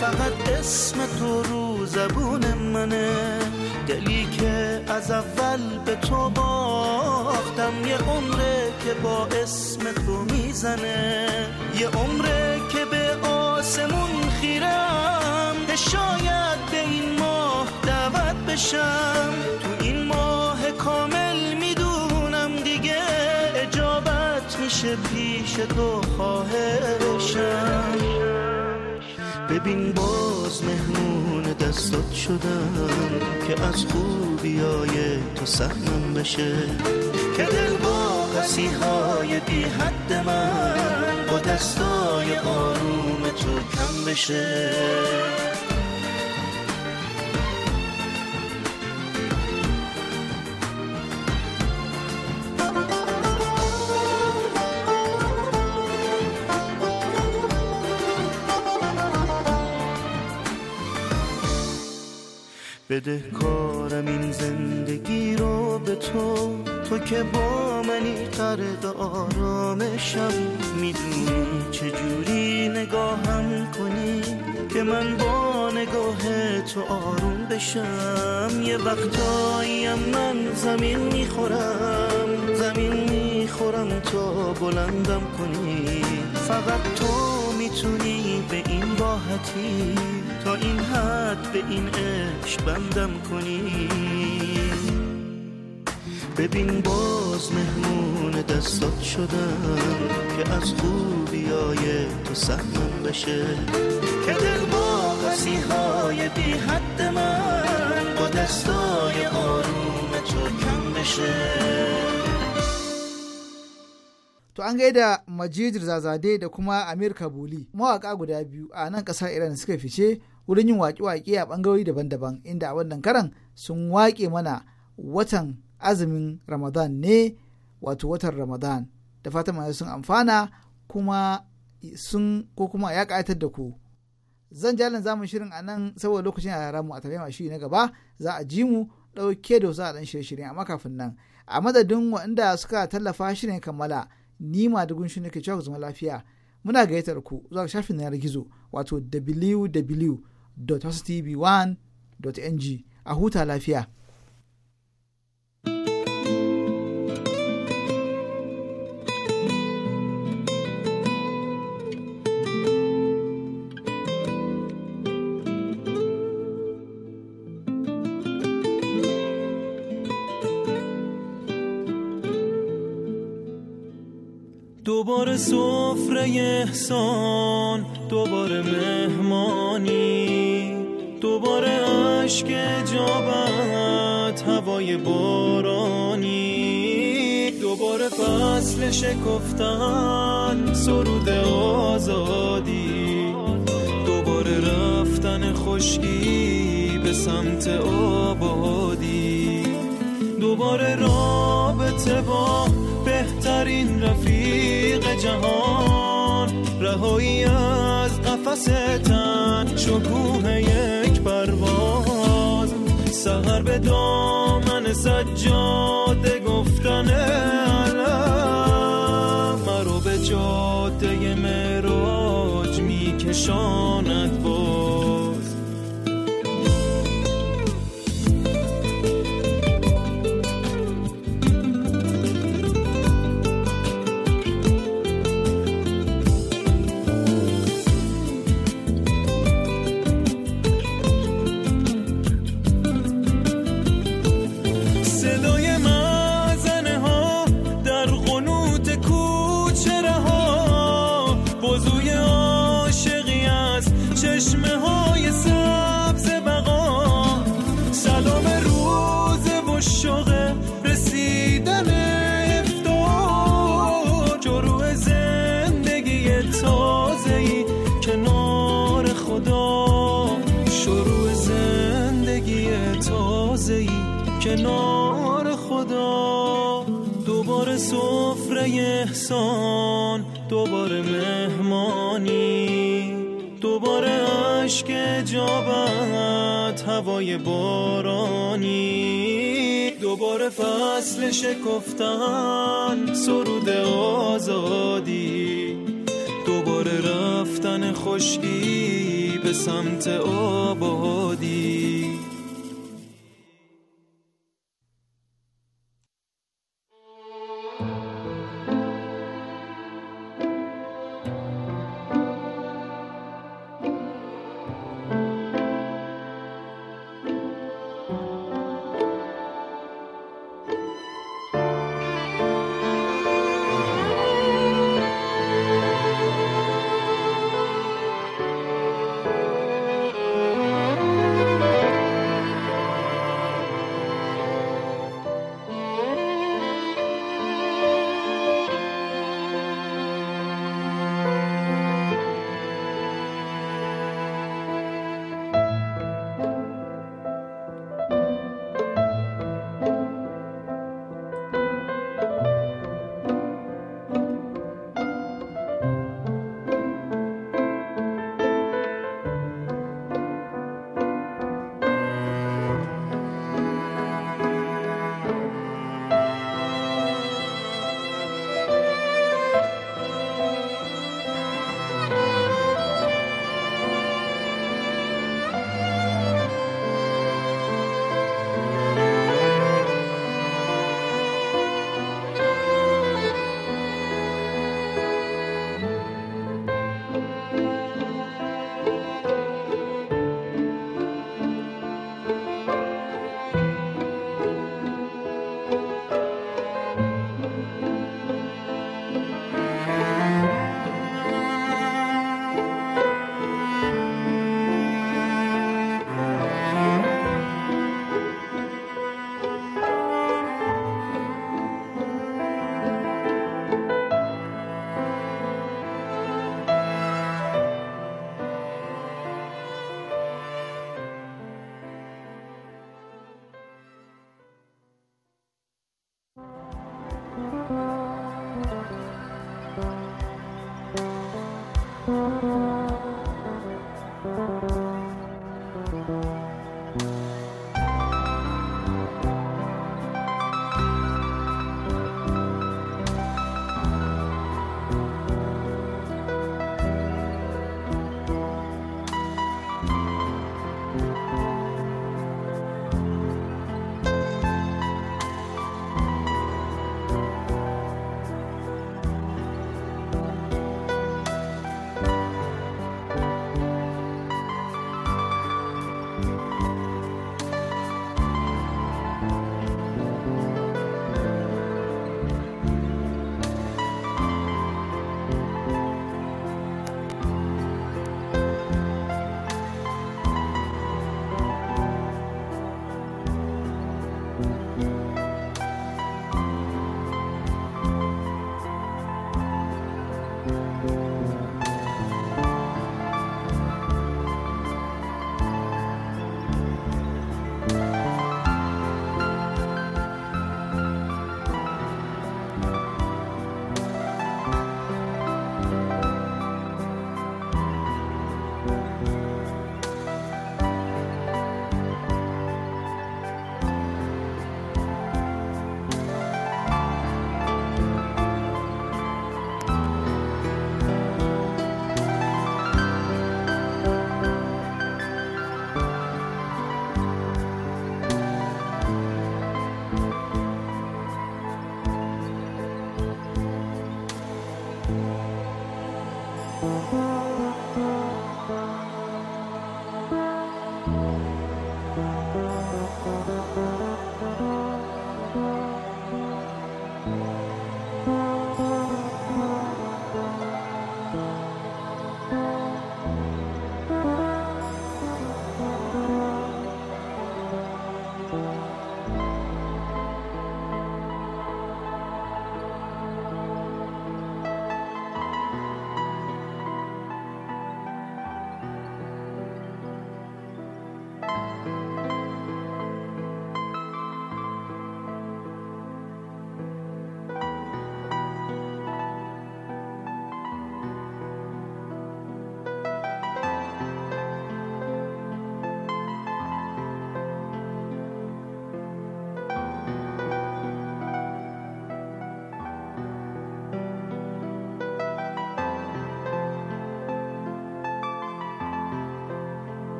فقط اسم تو رو زبون منه دلی که از اول به تو باختم یه عمره که با اسم تو میزنه یه عمره که به آسمون خیرم شاید به این ماه دعوت بشم تو این ماه همیشه پیش تو خواهشم ببین باز مهمون دستت شدم که از خوبیای تو سهمم بشه که دل با های بی حد من با دستای آروم تو کم بشه بده کارم این زندگی رو به تو تو که با منی قرق آرامشم میدونی چجوری نگاهم کنی که من با نگاه تو آروم بشم یه وقتایی من زمین میخورم زمین میخورم تا بلندم کنی فقط تو میتونی به این راحتی تا این حد به این عشق بندم کنی ببین باز مهمون دستات شدم که از خوبیای تو سهمم بشه که دل با های بی حد من با دستای آروم تو کم بشه To an gaida Majid Zazade da kuma Amir Kabuli mawaka guda biyu a nan kasar Iran suka fice wurin yin waƙe-waƙe a ɓangarori daban-daban inda a wannan karan sun waƙe mana watan azumin Ramadan ne wato watan Ramadan da fatan mai sun amfana kuma sun ko kuma ya ƙayatar da ku. Zan jalin zamun shirin a nan saboda lokacin a mu a tafiya shi na gaba za a ji mu ɗauke da wasu a ɗan shirye-shirye amma kafin nan a madadin waɗanda suka tallafa shirin kammala. ni ma da gunshi ke cewa zama lafiya muna gayyatar ku zuwa shafin yanar gizo wato www.hostv1.ng a huta lafiya. سفره احسان دوباره مهمانی دوباره عشق جابت هوای بارانی دوباره فصل شکفتن سرود آزادی دوباره رفتن خشکی به سمت آبادی دوباره رابطه با بهترین رفیق جهان رهایی از قفس تن شکوه یک پرواز سهر به دامن سجاده گفتن علم مرو به جاده مراج میکشاند دوباره احسان دوباره مهمانی دوباره عشق جابت هوای بارانی دوباره فصل شکفتن سرود آزادی دوباره رفتن خشکی به سمت آبادی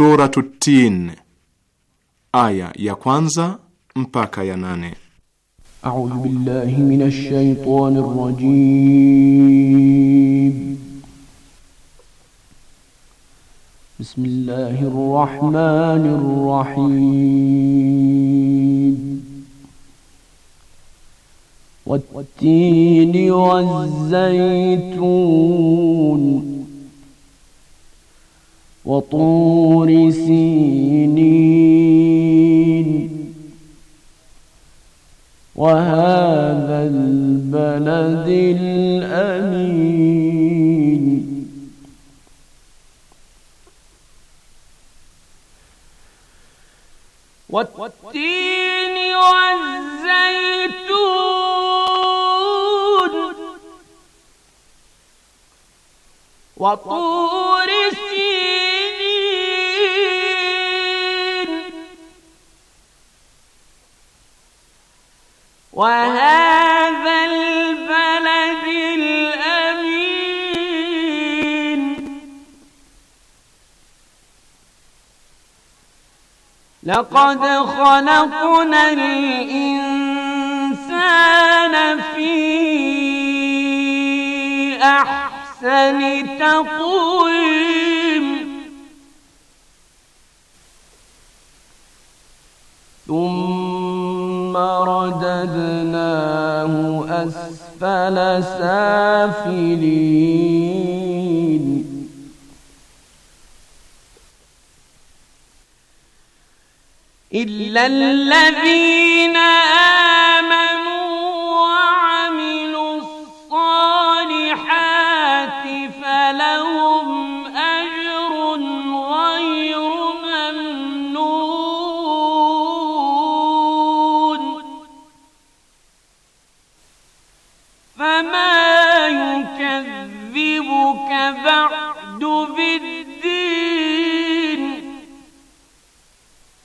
Suratu Tin, aya ya kwanza mpaka ya nane. A'udhu billahi minash shaitani rajim. Bismillahir rahmanir rahim. Wat-tini waz-zaytun وطور سينين وهذا البلد الأمين والتين والزيتون وطور سينين وهذا البلد الأمين لقد خلقنا الإنسان في أحسن تقويم ثم فرددناه أسفل سافلين إلا الذين آمنوا